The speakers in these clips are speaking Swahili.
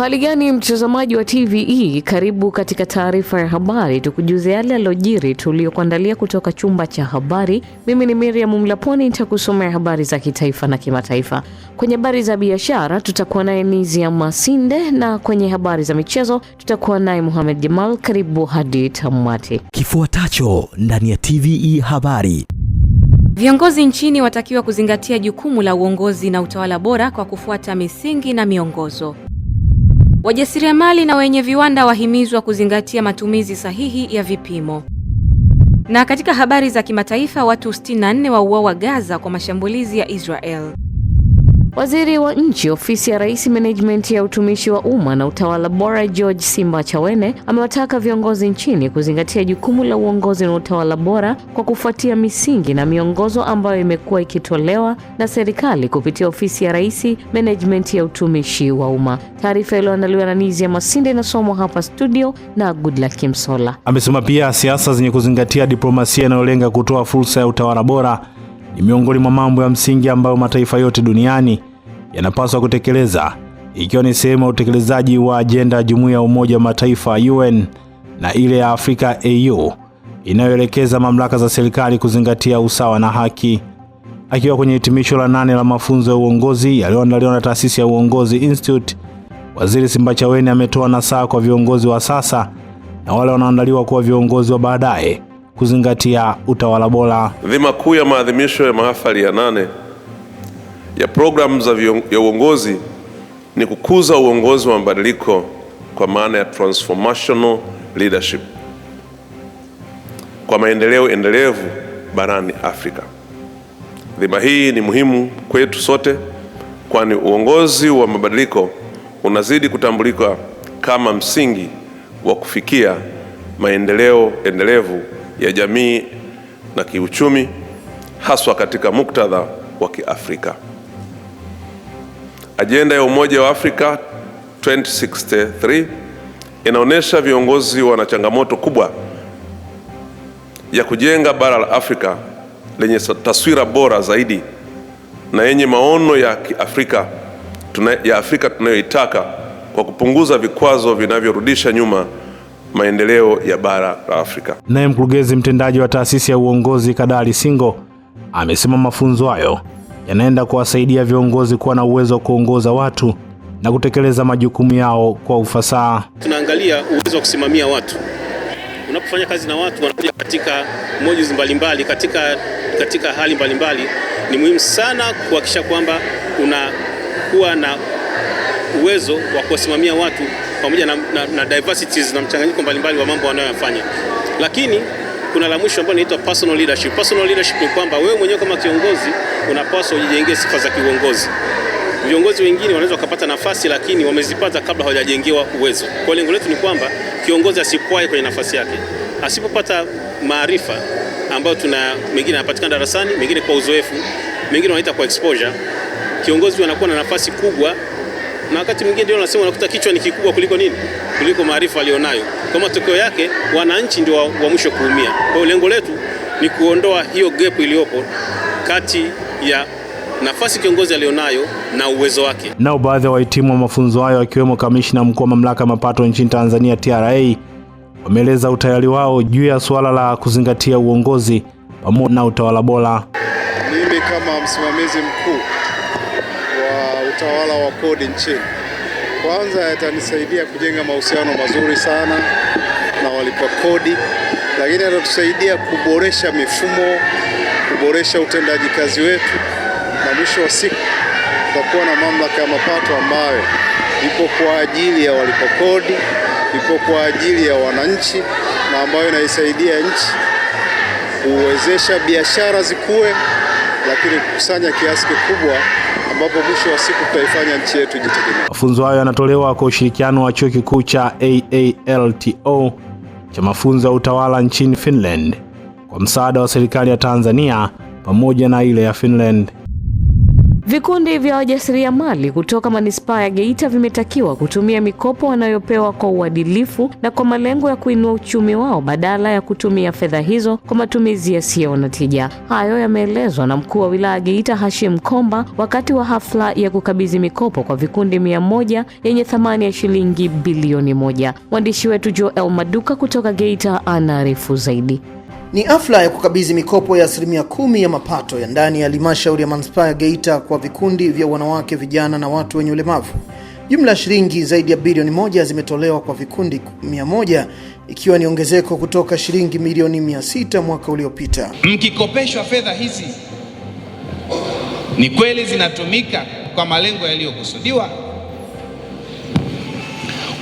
Uhali gani mtazamaji wa TVE, karibu katika taarifa ya habari, tukujuze yale yalojiri tuliyokuandalia kutoka chumba cha habari. Mimi ni Miriam Mlaponi, nitakusomea habari za kitaifa na kimataifa. Kwenye habari za biashara tutakuwa naye Nizia Masinde, na kwenye habari za michezo tutakuwa naye Mohamed Jamal. Karibu hadi tamati. Kifuatacho ndani ya TVE habari. Viongozi nchini watakiwa kuzingatia jukumu la uongozi na utawala bora kwa kufuata misingi na miongozo. Wajasiriamali na wenye viwanda wahimizwa kuzingatia matumizi sahihi ya vipimo. Na katika habari za kimataifa, watu 64 wauawa Gaza kwa mashambulizi ya Israel. Waziri wa Nchi, Ofisi ya Rais, Management ya Utumishi wa Umma na Utawala Bora, George Simba Chawene, amewataka viongozi nchini kuzingatia jukumu la uongozi na utawala bora kwa kufuatia misingi na miongozo ambayo imekuwa ikitolewa na serikali kupitia Ofisi ya Rais, Management ya Utumishi wa Umma. Taarifa iliyoandaliwa na nizi ya Masinde inasomwa hapa studio na Goodluck Msola. Amesema pia siasa zenye kuzingatia diplomasia inayolenga kutoa fursa ya utawala bora ni miongoni mwa mambo ya msingi ambayo mataifa yote duniani yanapaswa kutekeleza, ikiwa ni sehemu ya utekelezaji wa ajenda ya Jumuiya ya Umoja wa Mataifa UN na ile ya Afrika AU inayoelekeza mamlaka za serikali kuzingatia usawa na haki. Akiwa kwenye hitimisho la nane la mafunzo ya uongozi yaliyoandaliwa na taasisi ya Uongozi Institute, Waziri Simbachaweni ametoa nasaha kwa viongozi wa sasa na wale wanaoandaliwa kuwa viongozi wa baadaye kuzingatia utawala bora. Dhima kuu ya maadhimisho ya mahafali ya nane ya programu za ya uongozi ni kukuza uongozi wa mabadiliko kwa maana ya transformational leadership kwa maendeleo endelevu barani Afrika. Dhima hii ni muhimu kwetu sote, kwani uongozi wa mabadiliko unazidi kutambulika kama msingi wa kufikia maendeleo endelevu ya jamii na kiuchumi, haswa katika muktadha wa Kiafrika. Ajenda ya Umoja wa Afrika 2063 inaonyesha viongozi wana changamoto kubwa ya kujenga bara la Afrika lenye taswira bora zaidi na yenye maono ya Kiafrika ya Afrika tunayoitaka kwa kupunguza vikwazo vinavyorudisha nyuma maendeleo ya bara la Afrika. Naye mkurugenzi mtendaji wa taasisi ya uongozi Kadali Singo amesema mafunzo hayo yanaenda kuwasaidia viongozi kuwa na uwezo wa kuongoza watu na kutekeleza majukumu yao kwa ufasaha. Tunaangalia uwezo wa kusimamia watu. Unapofanya kazi na watu wanakuja katika modules mbalimbali, katika, katika hali mbalimbali, ni muhimu sana kuhakikisha kwamba unakuwa na uwezo wa kuwasimamia watu pamoja na, na, na diversities na mchanganyiko mbalimbali wa mambo wanayoyafanya, lakini kuna la mwisho ambalo linaitwa personal leadership. Personal leadership ni kwamba wewe mwenyewe kama kiongozi unapaswa ujijengee sifa za kiuongozi. Viongozi wengine wanaweza wakapata nafasi, lakini wamezipata kabla hawajajengewa uwezo. Kwa lengo letu ni kwamba kiongozi asipwae kwenye nafasi yake, asipopata maarifa ambayo tuna mengine yanapatikana darasani, mengine kwa uzoefu, mengine wanaita kwa exposure, kiongozi anakuwa na nafasi kubwa na wakati mwingine ndio nasema unakuta kichwa ni kikubwa kuliko nini, kuliko maarifa alionayo. Kwa matokeo yake wananchi ndio wa, mwisho kuumia. Kwa hiyo lengo letu ni kuondoa hiyo gap iliyopo kati ya nafasi kiongozi aliyonayo na uwezo wake. Nao baadhi ya wahitimu wa mafunzo hayo akiwemo kamishna mkuu wa mamlaka ya mapato nchini Tanzania TRA wameeleza utayari wao juu ya suala la kuzingatia uongozi pamoja na utawala bora. Mimi kama msimamizi mkuu utawala wa kodi nchini. Kwanza yatanisaidia kujenga mahusiano mazuri sana na walipa kodi, lakini yatatusaidia kuboresha mifumo, kuboresha utendaji kazi wetu, na mwisho wa siku tutakuwa na mamlaka ya mapato ambayo ipo kwa ajili ya walipa kodi, ipo kwa ajili ya wananchi na ambayo inaisaidia nchi kuwezesha biashara zikue, lakini kukusanya kiasi kikubwa ambapo mwisho wa siku tutaifanya nchi yetu jitegemea. Mafunzo hayo yanatolewa kwa ushirikiano wa chuo kikuu cha AALTO cha mafunzo ya utawala nchini Finland kwa msaada wa serikali ya Tanzania pamoja na ile ya Finland. Vikundi vya wajasiriamali kutoka manispaa ya Geita vimetakiwa kutumia mikopo wanayopewa kwa uadilifu na kwa malengo ya kuinua uchumi wao badala ya kutumia fedha hizo kwa matumizi yasiyo na tija. Hayo yameelezwa na mkuu wa wilaya Geita Hashim Komba wakati wa hafla ya kukabidhi mikopo kwa vikundi mia moja yenye thamani ya shilingi bilioni moja. Mwandishi wetu Joel Maduka kutoka Geita anaarifu zaidi. Ni afla ya kukabidhi mikopo ya asilimia kumi ya mapato ya ndani ya halmashauri ya manispaa ya Geita kwa vikundi vya wanawake, vijana na watu wenye ulemavu. Jumla ya shilingi zaidi ya bilioni moja zimetolewa kwa vikundi mia moja ikiwa ni ongezeko kutoka shilingi milioni mia sita mwaka uliopita. Mkikopeshwa fedha hizi, ni kweli zinatumika kwa malengo yaliyokusudiwa?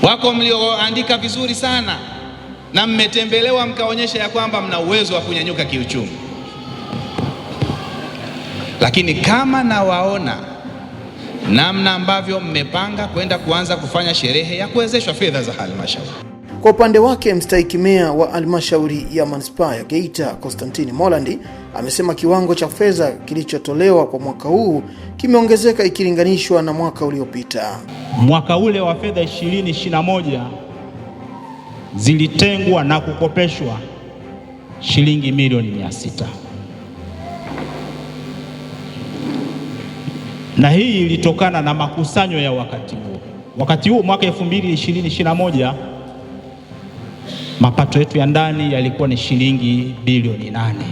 Wako mlioandika vizuri sana na mmetembelewa mkaonyesha ya kwamba mna uwezo wa kunyanyuka kiuchumi. Lakini kama nawaona namna ambavyo mmepanga kwenda kuanza kufanya sherehe ya kuwezeshwa fedha za halmashauri. Kwa upande wake, mstahiki meya wa halmashauri ya manispaa ya Geita Konstantini Molandi amesema kiwango cha fedha kilichotolewa kwa mwaka huu kimeongezeka ikilinganishwa na mwaka uliopita. Mwaka ule wa fedha 2021 zilitengwa na kukopeshwa shilingi milioni mia sita na hii ilitokana na makusanyo ya wakati huo. Wakati huo mwaka 2021 mapato yetu ya ndani yalikuwa ni shilingi bilioni nane,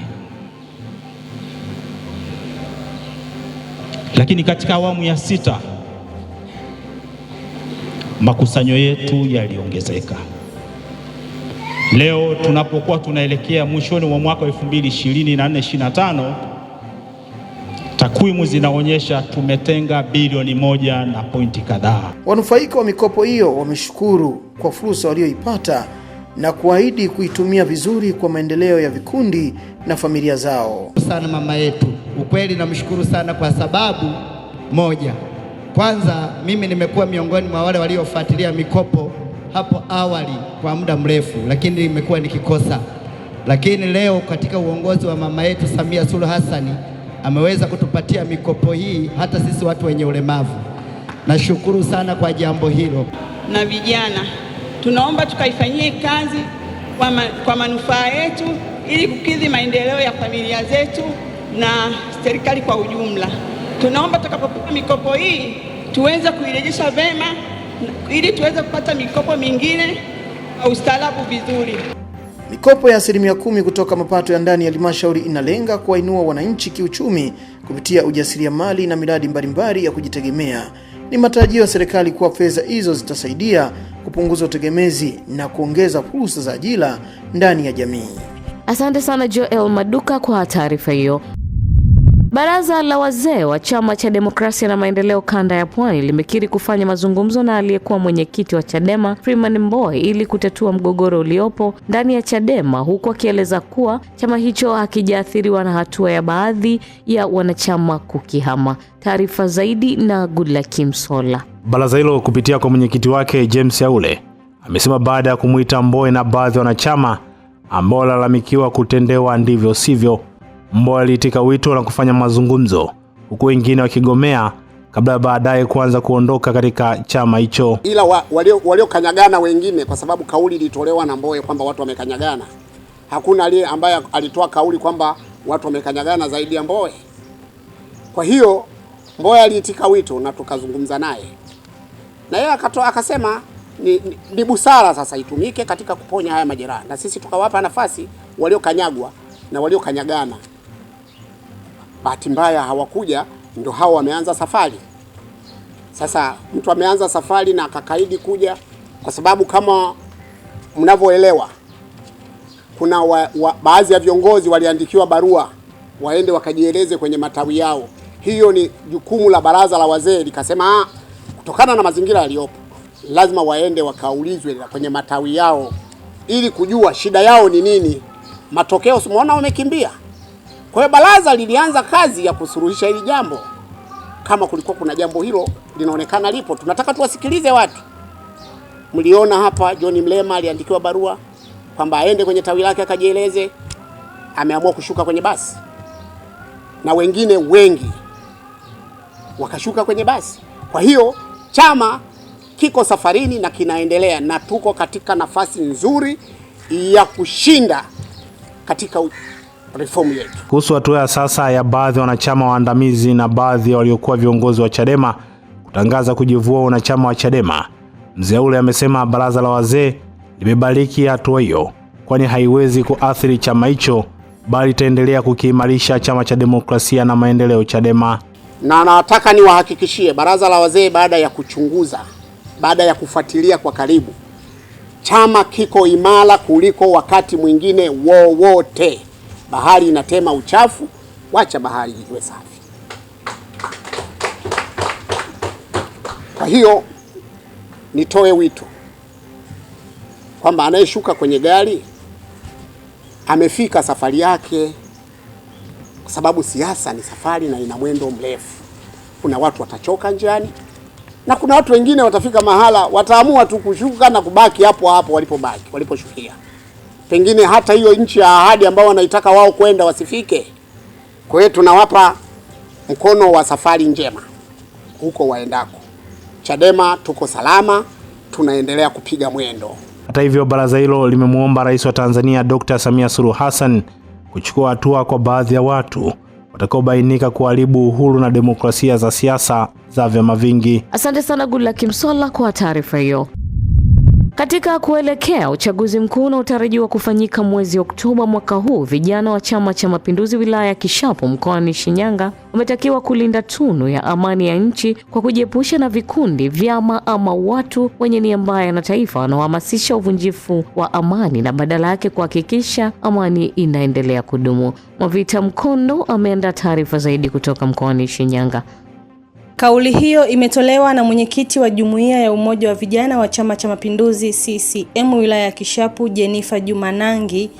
lakini katika awamu ya sita makusanyo yetu yaliongezeka. Leo tunapokuwa tunaelekea mwishoni mwa mwaka 2024 25 takwimu zinaonyesha tumetenga bilioni moja na pointi kadhaa. Wanufaika wa mikopo hiyo wameshukuru kwa fursa walioipata na kuahidi kuitumia vizuri kwa maendeleo ya vikundi na familia zao. Sana mama yetu, ukweli namshukuru sana kwa sababu moja. Kwanza mimi nimekuwa miongoni mwa wale waliofuatilia mikopo hapo awali kwa muda mrefu, lakini nimekuwa nikikosa. Lakini leo katika uongozi wa mama yetu Samia Suluhu Hassani ameweza kutupatia mikopo hii hata sisi watu wenye ulemavu. Nashukuru sana kwa jambo hilo. Na vijana tunaomba tukaifanyie kazi kwa, ma, kwa manufaa yetu ili kukidhi maendeleo ya familia zetu na serikali kwa ujumla. Tunaomba tukapopata mikopo hii tuweze kuirejesha vema ili tuweze kupata mikopo mingine kwa ustaarabu vizuri. Mikopo ya asilimia kumi kutoka mapato ya ndani ya halmashauri inalenga kuwainua wananchi kiuchumi kupitia ujasiriamali na miradi mbalimbali ya kujitegemea. Ni matarajio ya serikali kuwa fedha hizo zitasaidia kupunguza utegemezi na kuongeza fursa za ajira ndani ya jamii. Asante sana Joel Maduka kwa taarifa hiyo. Baraza la wazee wa chama cha demokrasia na maendeleo kanda ya Pwani limekiri kufanya mazungumzo na aliyekuwa mwenyekiti wa Chadema Freeman Mbowe ili kutatua mgogoro uliopo ndani ya Chadema, huku akieleza kuwa chama hicho hakijaathiriwa na hatua ya baadhi ya wanachama kukihama. Taarifa zaidi na Goodluck Msola. Baraza hilo kupitia kwa mwenyekiti wake James yaule amesema baada ya kumwita Mbowe na baadhi ya wanachama ambao walalamikiwa kutendewa ndivyo sivyo mbo aliitika wito na kufanya mazungumzo, huku wengine wakigomea kabla ya baadaye kuanza kuondoka katika chama hicho, ila wa, waliokanyagana walio wengine, kwa sababu kauli ilitolewa na mboe kwamba watu wamekanyagana. Hakuna aliye ambaye alitoa kauli kwamba watu wamekanyagana zaidi ya mboe Kwa hiyo mboe aliitika wito na tukazungumza naye na yeye akasema ni, ni, ni busara sasa itumike katika kuponya haya majeraha, na sisi tukawapa nafasi waliokanyagwa na waliokanyagana bahati mbaya hawakuja, ndo hao wameanza safari. Sasa mtu ameanza safari na akakaidi kuja, kwa sababu kama mnavyoelewa kuna wa, wa, baadhi ya viongozi waliandikiwa barua waende wakajieleze kwenye matawi yao. Hiyo ni jukumu la baraza la wazee likasema, ah, kutokana na mazingira yaliyopo lazima waende wakaulizwe kwenye matawi yao ili kujua shida yao ni nini. Matokeo simuona wamekimbia. Kwa hiyo baraza lilianza kazi ya kusuluhisha hili jambo, kama kulikuwa kuna jambo hilo linaonekana lipo, tunataka tuwasikilize watu. Mliona hapa John Mlema aliandikiwa barua kwamba aende kwenye tawi lake akajieleze, ameamua kushuka kwenye basi, na wengine wengi wakashuka kwenye basi. Kwa hiyo chama kiko safarini na kinaendelea, na tuko katika nafasi nzuri ya kushinda katika u reform yetu. Kuhusu hatua ya sasa ya baadhi ya wanachama waandamizi na baadhi ya waliokuwa viongozi wa Chadema kutangaza kujivua wanachama wa Chadema, mzee ule amesema baraza la wazee limebariki hatua hiyo, kwani haiwezi kuathiri chama hicho, bali itaendelea kukiimarisha chama cha demokrasia na maendeleo Chadema. Na nataka niwahakikishie baraza la wazee, baada ya kuchunguza, baada ya kufuatilia kwa karibu, chama kiko imara kuliko wakati mwingine wowote. Bahari inatema uchafu, wacha bahari iwe safi. Kwa hiyo nitoe wito kwamba anayeshuka kwenye gari amefika safari yake, kwa sababu siasa ni safari na ina mwendo mrefu. Kuna watu watachoka njiani na kuna watu wengine watafika mahala wataamua tu kushuka na kubaki hapo hapo walipobaki waliposhukia pengine hata hiyo nchi ya ahadi ambao wanaitaka wao kwenda wasifike. Kwa hiyo tunawapa mkono wa safari njema huko waendako. Chadema tuko salama, tunaendelea kupiga mwendo. Hata hivyo, baraza hilo limemwomba Rais wa Tanzania Dr. Samia Suluhu Hassan kuchukua hatua kwa baadhi ya watu watakaobainika kuharibu uhuru na demokrasia za siasa za vyama vingi. Asante sana Gulla Kimsola kwa taarifa hiyo. Katika kuelekea uchaguzi mkuu unaotarajiwa kufanyika mwezi Oktoba mwaka huu, vijana wa Chama cha Mapinduzi wilaya ya Kishapu mkoani Shinyanga wametakiwa kulinda tunu ya amani ya nchi kwa kujiepusha na vikundi, vyama ama watu wenye nia mbaya na taifa wanaohamasisha uvunjifu wa amani na badala yake kuhakikisha amani inaendelea kudumu. Mwavita Mkondo ameandaa taarifa zaidi kutoka mkoani Shinyanga. Kauli hiyo imetolewa na mwenyekiti wa Jumuiya ya Umoja wa Vijana wa Chama cha Mapinduzi CCM wilaya ya Kishapu, Jenifer Juma Nangi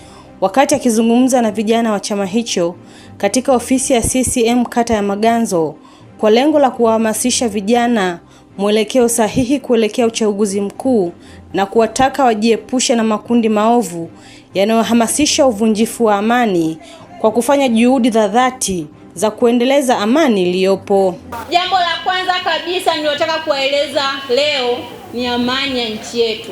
wakati akizungumza na vijana wa chama hicho katika ofisi ya CCM kata ya Maganzo kwa lengo la kuwahamasisha vijana mwelekeo sahihi kuelekea uchaguzi mkuu na kuwataka wajiepushe na makundi maovu yanayohamasisha uvunjifu wa amani kwa kufanya juhudi za dhati za kuendeleza amani iliyopo. Jambo la kwanza kabisa niliotaka kuwaeleza leo ni amani ya nchi yetu.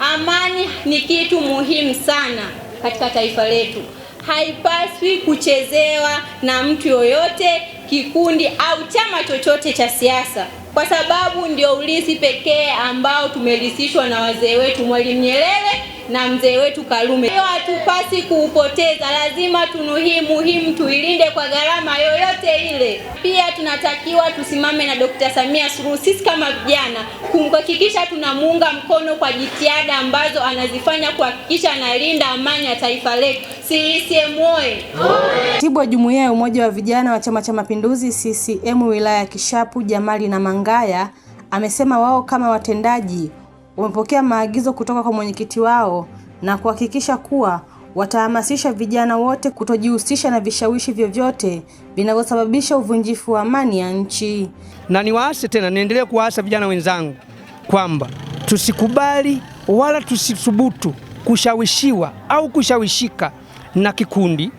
Amani ni kitu muhimu sana katika taifa letu, haipaswi kuchezewa na mtu yoyote, kikundi au chama chochote cha siasa kwa sababu ndio ulisi pekee ambao tumerithishwa na wazee wetu Mwalimu Nyerere na mzee wetu Karume. Hiyo hatupasi kuupoteza, lazima tunu hii muhimu tuilinde kwa gharama yoyote ile. Pia tunatakiwa tusimame na Dkt. Samia Suluhu sisi kama vijana kumhakikisha tunamuunga mkono kwa jitihada ambazo anazifanya kuhakikisha analinda amani ya taifa letu. CCM oye! Katibu wa Jumuiya ya Umoja wa Vijana wa Chama cha Mapinduzi CCM wilaya ya Kishapu, Jamali na Mangaya amesema wao kama watendaji wamepokea maagizo kutoka kwa mwenyekiti wao na kuhakikisha kuwa watahamasisha vijana wote kutojihusisha na vishawishi vyovyote vinavyosababisha uvunjifu wa amani ya nchi. Na niwaase tena, niendelee kuwaasa vijana wenzangu kwamba tusikubali wala tusithubutu kushawishiwa au kushawishika na kikundi,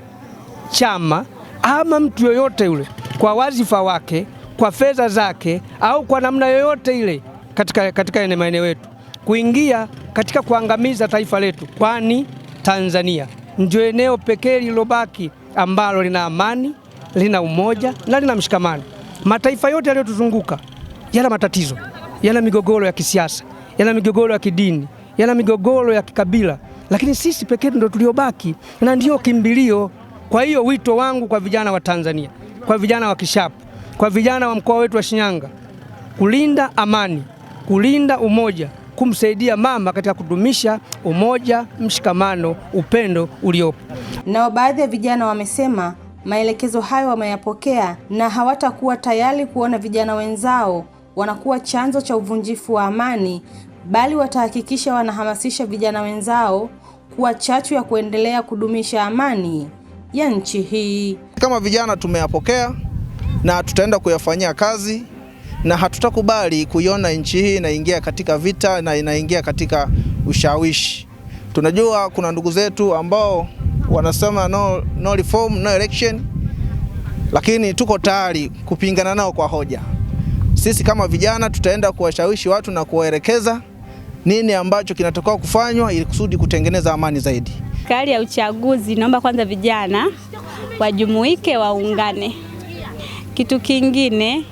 chama ama mtu yoyote yule kwa wazifa wake, kwa fedha zake, au kwa namna yoyote ile katika, katika ene maeneo yetu kuingia katika kuangamiza taifa letu, kwani Tanzania ndio eneo pekee lililobaki ambalo lina amani, lina umoja na lina mshikamano. Mataifa yote yaliyotuzunguka yana matatizo, yana migogoro ya kisiasa, yana migogoro ya kidini, yana migogoro ya kikabila lakini sisi pekee ndo tuliobaki na ndio kimbilio. Kwa hiyo wito wangu kwa vijana wa Tanzania, kwa vijana wa Kishapu, kwa vijana wa mkoa wetu wa Shinyanga, kulinda amani, kulinda umoja, kumsaidia mama katika kudumisha umoja, mshikamano, upendo uliopo. Nao baadhi ya vijana wamesema maelekezo hayo wameyapokea na hawatakuwa tayari kuona vijana wenzao wanakuwa chanzo cha uvunjifu wa amani bali watahakikisha wanahamasisha vijana wenzao kuwa chachu ya kuendelea kudumisha amani ya nchi hii. Kama vijana tumeyapokea na tutaenda kuyafanyia kazi na hatutakubali kuiona nchi hii inaingia katika vita na inaingia katika ushawishi. Tunajua kuna ndugu zetu ambao wanasema no, no reform, no election, lakini tuko tayari kupingana nao kwa hoja. Sisi kama vijana tutaenda kuwashawishi watu na kuwaelekeza nini ambacho kinatakiwa kufanywa ili kusudi kutengeneza amani zaidi. Kali ya uchaguzi, naomba kwanza vijana wajumuike, waungane. Kitu kingine,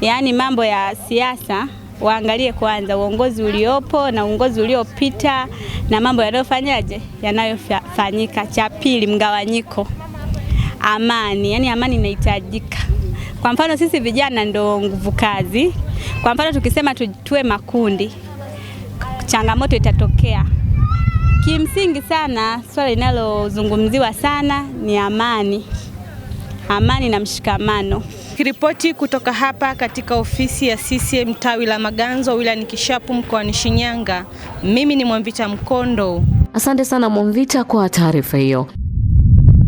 yaani mambo ya siasa waangalie kwanza uongozi uliopo na uongozi uliopita na mambo yanayofanyaje yanayofanyika. Cha pili, mgawanyiko, amani, yaani amani inahitajika. Kwa mfano sisi vijana ndo nguvu kazi. Kwa mfano tukisema tuwe makundi changamoto itatokea. Kimsingi sana swala linalozungumziwa sana ni amani, amani na mshikamano. Kiripoti kutoka hapa katika ofisi ya CCM tawi la Maganzo wilayani Kishapu mkoani Shinyanga, mimi ni Mwamvita Mkondo. Asante sana Mwamvita kwa taarifa hiyo.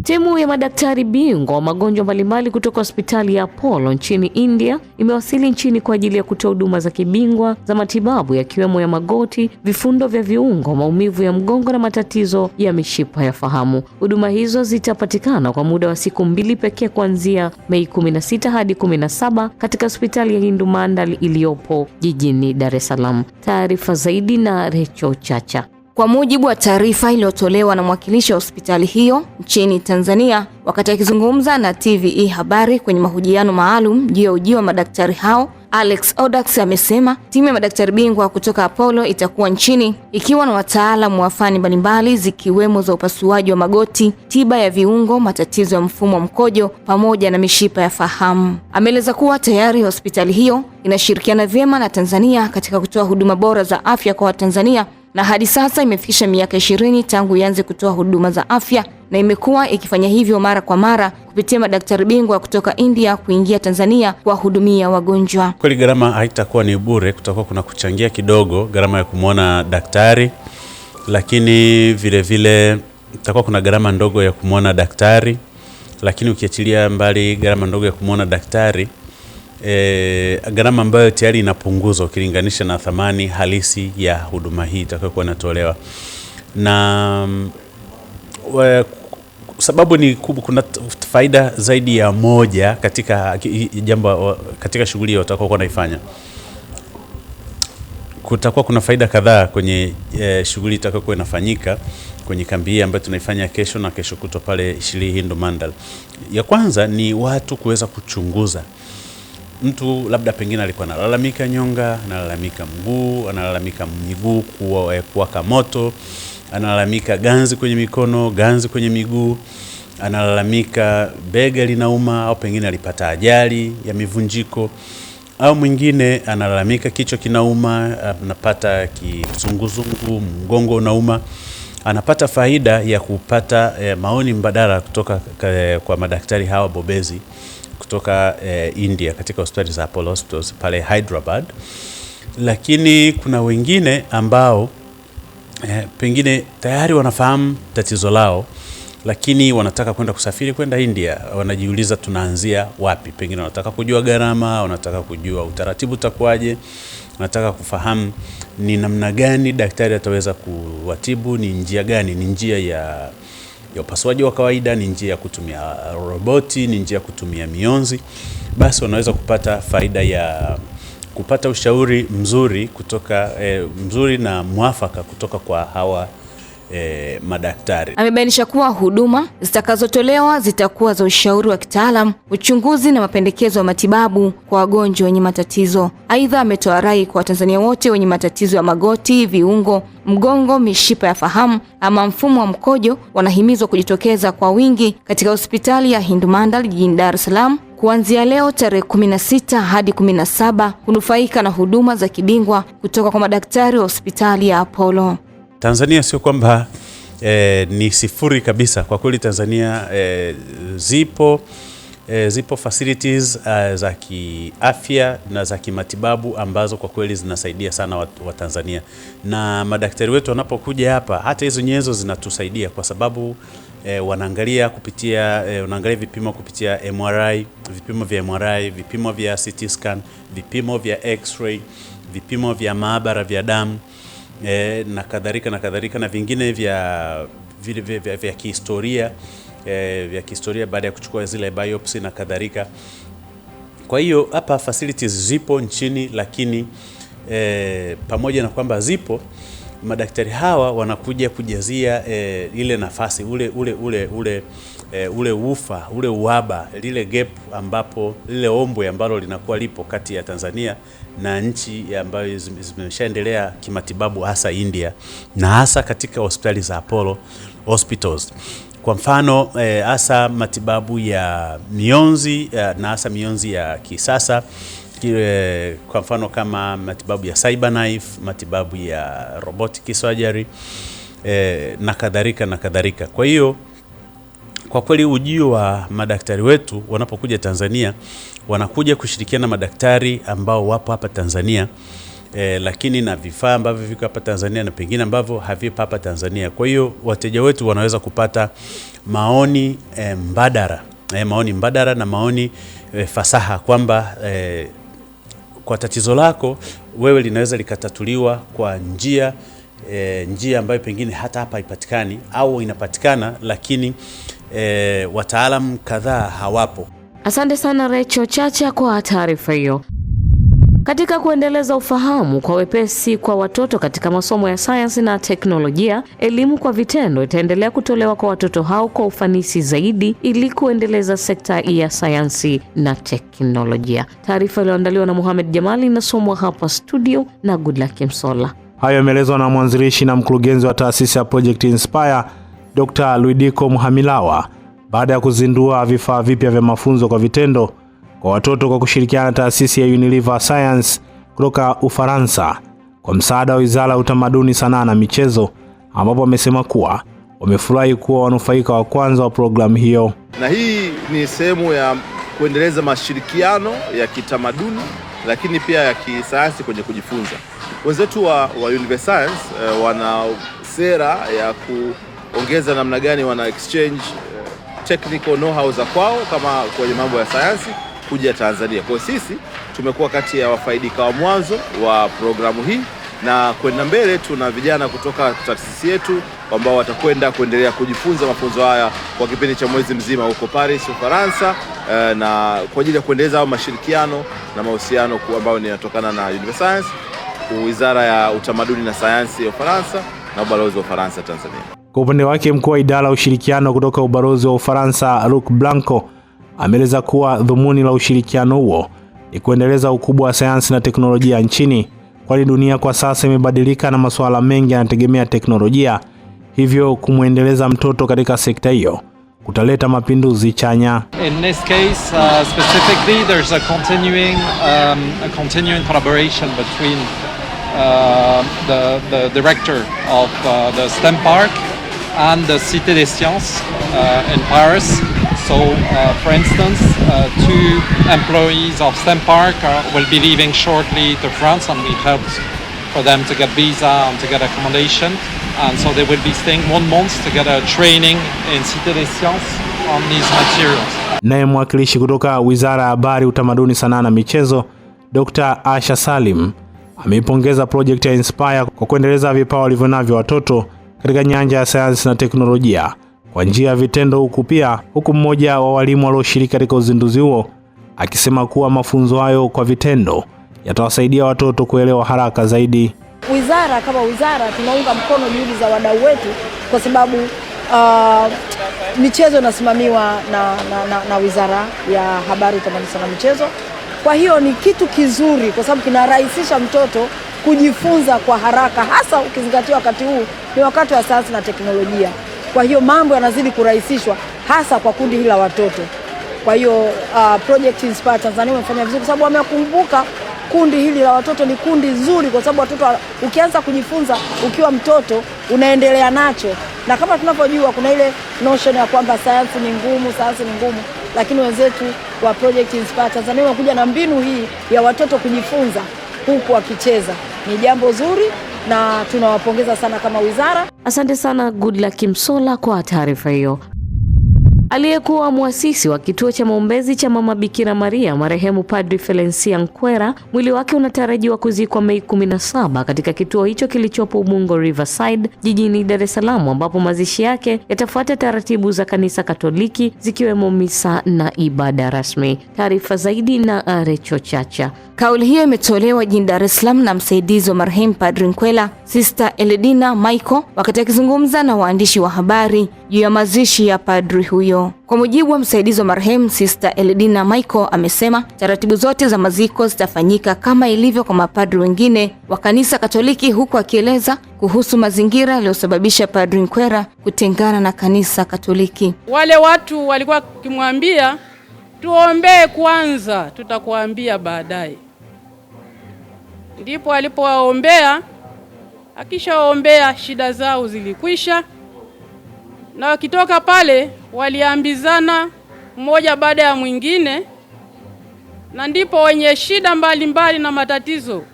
Timu ya madaktari bingwa wa magonjwa mbalimbali kutoka hospitali ya Apollo nchini India imewasili nchini kwa ajili ya kutoa huduma za kibingwa za matibabu yakiwemo ya magoti, vifundo vya viungo, maumivu ya mgongo na matatizo ya mishipa ya fahamu. Huduma hizo zitapatikana kwa muda wa siku mbili pekee kuanzia Mei 16 hadi 17 katika hospitali ya Hindu Mandal iliyopo jijini Dar es Salaam. Taarifa zaidi na Recho Chacha. Kwa mujibu wa taarifa iliyotolewa na mwakilishi wa hospitali hiyo nchini Tanzania wakati akizungumza na TVE Habari kwenye mahojiano maalum juu ya ujio wa madaktari hao, Alex Odax amesema timu ya madaktari bingwa kutoka Apollo itakuwa nchini ikiwa na wataalamu wa fani mbalimbali zikiwemo za upasuaji wa magoti, tiba ya viungo, matatizo ya mfumo wa mkojo pamoja na mishipa ya fahamu. Ameeleza kuwa tayari hospitali hiyo inashirikiana vyema na Tanzania katika kutoa huduma bora za afya kwa Watanzania na hadi sasa imefikisha miaka ishirini tangu ianze kutoa huduma za afya na imekuwa ikifanya hivyo mara kwa mara kupitia madaktari bingwa kutoka India kuingia Tanzania kuwahudumia wagonjwa. Kweli gharama haitakuwa ni bure, kutakuwa kuna kuchangia kidogo gharama ya kumwona daktari, lakini vilevile itakuwa kuna gharama ndogo ya kumwona daktari, lakini ukiachilia mbali gharama ndogo ya kumwona daktari e, gharama ambayo tayari inapunguzwa ukilinganisha na thamani halisi ya huduma hii itakayokuwa inatolewa na mm, we, sababu ni kubwa. Kuna faida zaidi ya moja katika jambo, katika shughuli hiyo utakayokuwa unaifanya. Kutakuwa kuna faida kadhaa kwenye e, shughuli itakayokuwa inafanyika kwenye kambi hii ambayo tunaifanya kesho na kesho kutwa pale Shirihii Mandal. Ya kwanza ni watu kuweza kuchunguza mtu labda pengine alikuwa analalamika nyonga, analalamika mguu, analalamika miguu kuwa eh, kuwaka moto, analalamika ganzi kwenye mikono, ganzi kwenye miguu, analalamika bega linauma, au pengine alipata ajali ya mivunjiko, au mwingine analalamika kichwa kinauma, anapata kizunguzungu, mgongo unauma anapata faida ya kupata eh, maoni mbadala kutoka eh, kwa madaktari hawa bobezi kutoka eh, India katika hospitali za Apollo Hospitals pale Hyderabad, lakini kuna wengine ambao eh, pengine tayari wanafahamu tatizo lao lakini wanataka kwenda kusafiri kwenda India, wanajiuliza tunaanzia wapi? Pengine wanataka kujua gharama, wanataka kujua utaratibu utakuwaje, wanataka kufahamu ni namna gani daktari ataweza kuwatibu, ni njia gani, ni njia ya ya upasuaji wa kawaida, ni njia ya kutumia roboti, ni njia ya kutumia mionzi, basi wanaweza kupata faida ya kupata ushauri mzuri kutoka eh, mzuri na mwafaka kutoka kwa hawa eh, madaktari. Amebainisha kuwa huduma zitakazotolewa zitakuwa za ushauri wa kitaalamu, uchunguzi na mapendekezo ya matibabu kwa wagonjwa wenye matatizo. Aidha, ametoa rai kwa Watanzania wote wenye matatizo ya magoti, viungo, mgongo, mishipa ya fahamu ama mfumo wa mkojo, wanahimizwa kujitokeza kwa wingi katika hospitali ya hindumandal jijini Dar es Salaam kuanzia leo tarehe 16 hadi 17 kunufaika na huduma za kibingwa kutoka kwa madaktari wa hospitali ya Apollo. Tanzania sio kwamba e, ni sifuri kabisa. Kwa kweli Tanzania e, zipo e, zipo facilities uh, za kiafya na za kimatibabu ambazo kwa kweli zinasaidia sana wa Tanzania, na madaktari wetu wanapokuja hapa, hata hizo nyenzo zinatusaidia kwa sababu E, wanaangalia kupitia e, wanaangalia vipimo kupitia MRI, vipimo vya MRI, vipimo vya CT scan, vipimo vya x-ray, vipimo vya maabara vya damu e, na kadhalika na kadhalika na vingine vya, vile vya, vya, vya kihistoria e, vya kihistoria baada ya kuchukua zile biopsy na kadhalika. Kwa hiyo hapa facilities zipo nchini, lakini e, pamoja na kwamba zipo madaktari hawa wanakuja kujazia e, ile nafasi ule ule ule ule e, ule ufa ule uaba lile gap ambapo lile ombwe ambalo linakuwa lipo kati ya Tanzania na nchi ambayo zimeshaendelea kimatibabu hasa India na hasa katika hospitali za Apollo hospitals. Kwa mfano eh, hasa e, matibabu ya mionzi na hasa mionzi ya kisasa kile, kwa mfano kama matibabu ya cyberknife, matibabu ya robotic surgery eh, na kadhalika na kadhalika. Kwa hiyo kwa kweli ujio wa madaktari wetu wanapokuja Tanzania wanakuja kushirikiana na madaktari ambao wapo hapa Tanzania eh, lakini na vifaa ambavyo viko hapa Tanzania na pengine ambavyo havipo hapa Tanzania. Kwa hiyo wateja wetu wanaweza kupata maoni eh, mbadala eh, maoni mbadala na maoni eh, fasaha kwamba eh, kwa tatizo lako wewe linaweza likatatuliwa kwa njia e, njia ambayo pengine hata hapa haipatikani au inapatikana lakini e, wataalamu kadhaa hawapo. Asante sana Recho Chacha kwa taarifa hiyo. Katika kuendeleza ufahamu kwa wepesi kwa watoto katika masomo ya sayansi na teknolojia, elimu kwa vitendo itaendelea kutolewa kwa watoto hao kwa ufanisi zaidi ili kuendeleza sekta ya sayansi na teknolojia. Taarifa iliyoandaliwa na muhamed Jamali inasomwa hapa studio na Goodluck Msola. Hayo yameelezwa na mwanzilishi na mkurugenzi wa taasisi ya Project Inspire Dr. Luidiko Mhamilawa baada ya kuzindua vifaa vipya vya mafunzo kwa vitendo kwa watoto kwa kushirikiana na taasisi ya Unilever Science kutoka Ufaransa kwa msaada wa Wizara ya Utamaduni, Sanaa na Michezo, ambapo wamesema kuwa wamefurahi kuwa wanufaika wa kwanza wa programu hiyo. Na hii ni sehemu ya kuendeleza mashirikiano ya kitamaduni lakini pia ya kisayansi kwenye kujifunza. Wenzetu wa, wa Unilever Science eh, wana sera ya kuongeza namna gani wana exchange eh, technical know-how za kwao kama kwenye mambo ya sayansi kuja Tanzania. Kwa sisi tumekuwa kati ya wafaidika wa mwanzo wa programu hii na kwenda mbele tuna vijana kutoka taasisi yetu ambao watakwenda kuendelea kujifunza mafunzo haya kwa kipindi cha mwezi mzima huko Paris, Ufaransa, eh, na kwa ajili ya kuendeleza hao mashirikiano na mahusiano ambayo ninatokana na Universcience, Wizara ya Utamaduni na Sayansi ya Ufaransa na Ubalozi wa Ufaransa Tanzania. Kwa upande wake, mkuu wa idara ya ushirikiano kutoka Ubalozi wa Ufaransa, Luc Blanco ameeleza kuwa dhumuni la ushirikiano huo ni kuendeleza ukubwa wa sayansi na teknolojia nchini, kwani dunia kwa sasa imebadilika na masuala mengi yanategemea teknolojia, hivyo kumwendeleza mtoto katika sekta hiyo kutaleta mapinduzi chanya. In this case, uh, specifically, there's a continuing, um, a continuing collaboration between uh, the, the director of uh, the STEM park and the Cité des Sciences uh, in Paris. So, uh, for instance, uh, two employees of STEM Park are, will be leaving shortly to France, and we helped for them to get visa and to get accommodation. And so they will be staying one month to get a training in Cité des Sciences on these materials. Naye mwakilishi kutoka Wizara ya Habari, Utamaduni, Sanaa na Michezo, Dr. Asha Salim ameipongeza project ya Inspire kwa kuendeleza vipawa walivyonavyo watoto katika nyanja ya sayansi na teknolojia kwa njia ya vitendo, huku pia huku mmoja wa walimu walioshiriki katika uzinduzi huo akisema kuwa mafunzo hayo kwa vitendo yatawasaidia watoto kuelewa haraka zaidi. Wizara kama wizara tunaunga mkono juhudi za wadau wetu kwa sababu uh, michezo inasimamiwa na, na, na, na Wizara ya Habari, Utamaduni na Michezo. Kwa hiyo ni kitu kizuri kwa sababu kinarahisisha mtoto kujifunza kwa haraka, hasa ukizingatia wakati huu ni wakati wa sayansi na teknolojia. Kwa hiyo mambo yanazidi kurahisishwa hasa kwa kundi hili la watoto. Kwa hiyo uh, Project Inspire Tanzania wamefanya vizuri kwa sababu wamekumbuka kundi hili la watoto ni kundi zuri, kwa sababu watoto ukianza kujifunza ukiwa mtoto unaendelea nacho, na kama tunavyojua kuna ile notion ya kwamba sayansi ni ngumu, sayansi ni ngumu, lakini wenzetu wa Project Inspire Tanzania wamekuja na mbinu hii ya watoto kujifunza huku wakicheza ni jambo zuri na tunawapongeza sana kama wizara. Asante sana Goodluck Msola kwa taarifa hiyo. Aliyekuwa mwasisi wa kituo cha maombezi cha Mama Bikira Maria marehemu Padri felencia Nkwera, mwili wake unatarajiwa kuzikwa Mei 17 katika kituo hicho kilichopo Ubungo Riverside jijini Dar es Salaam, ambapo mazishi yake yatafuata taratibu za Kanisa Katoliki zikiwemo misa na ibada rasmi. Taarifa zaidi na arecho Chacha. Kauli hiyo imetolewa jijini Dar es Salaam na msaidizi wa marehemu Padri Nkwela, Sister Eledina Michael, wakati akizungumza na waandishi wa habari juu ya mazishi ya padri huyo hiyo. Kwa mujibu wa msaidizi wa marehemu Sister Eldina Michael, amesema taratibu zote za maziko zitafanyika kama ilivyo kwa mapadri wengine wa kanisa Katoliki, huku akieleza kuhusu mazingira yaliyosababisha Padri Nkwera kutengana na kanisa Katoliki. Wale watu walikuwa wakimwambia tuombee kwanza, tutakuambia baadaye. Ndipo alipowaombea, akishaombea shida zao zilikwisha na wakitoka pale waliambizana mmoja baada ya mwingine, na ndipo wenye shida mbalimbali mbali na matatizo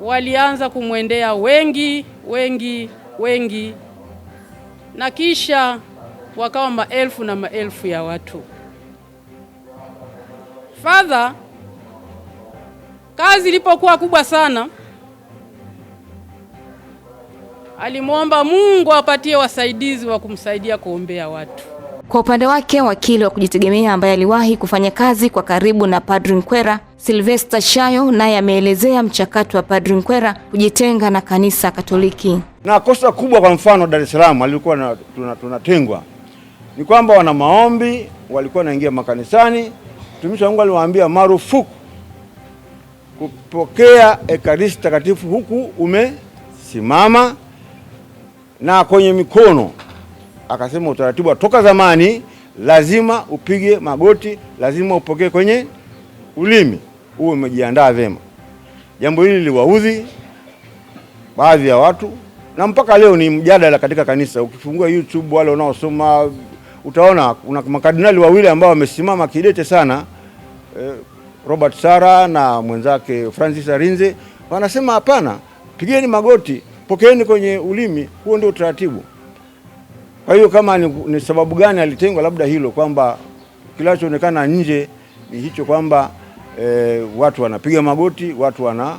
walianza kumwendea wengi wengi wengi, na kisha wakawa maelfu na maelfu ya watu. Fadha, kazi ilipokuwa kubwa sana alimwomba Mungu apatie wasaidizi wa kumsaidia kuombea watu. Kwa upande wake wakili wa kujitegemea ambaye aliwahi kufanya kazi kwa karibu na Padri Nkwera, Sylvester Shayo, naye ameelezea mchakato wa Padri Nkwera kujitenga na kanisa Katoliki. Na kosa kubwa, kwa mfano Dar es Salaam alikuwa tunatengwa, ni kwamba wana maombi walikuwa wanaingia makanisani. Mtumishi wa Mungu aliwaambia marufuku kupokea Ekaristi takatifu huku umesimama na kwenye mikono. Akasema utaratibu toka zamani lazima upige magoti, lazima upokee kwenye ulimi, uwe umejiandaa vyema. Jambo hili liwaudhi baadhi ya watu na mpaka leo ni mjadala katika kanisa. Ukifungua YouTube wale unaosoma utaona kuna makardinali wawili ambao wamesimama kidete sana eh, Robert Sara na mwenzake Francis Arinze wanasema hapana, pigeni magoti. Pokeeni kwenye ulimi, huo ndio utaratibu. Kwa hiyo kama ni, ni sababu gani alitengwa, labda hilo kwamba kinachoonekana nje ni hicho kwamba e, watu wanapiga magoti, watu wana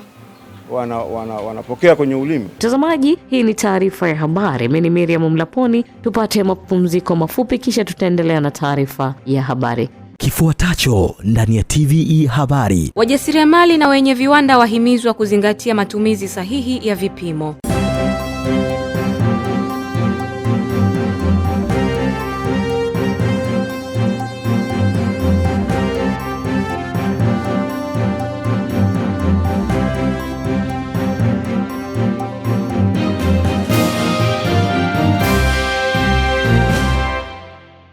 wanapokea wana, wana kwenye ulimi. Mtazamaji, hii ni taarifa ya habari. Mimi ni Miriam Mlaponi, tupate mapumziko mafupi, kisha tutaendelea na taarifa ya habari. Kifuatacho ndani ya TVE Habari. Wajasiriamali na wenye viwanda wahimizwa kuzingatia matumizi sahihi ya vipimo.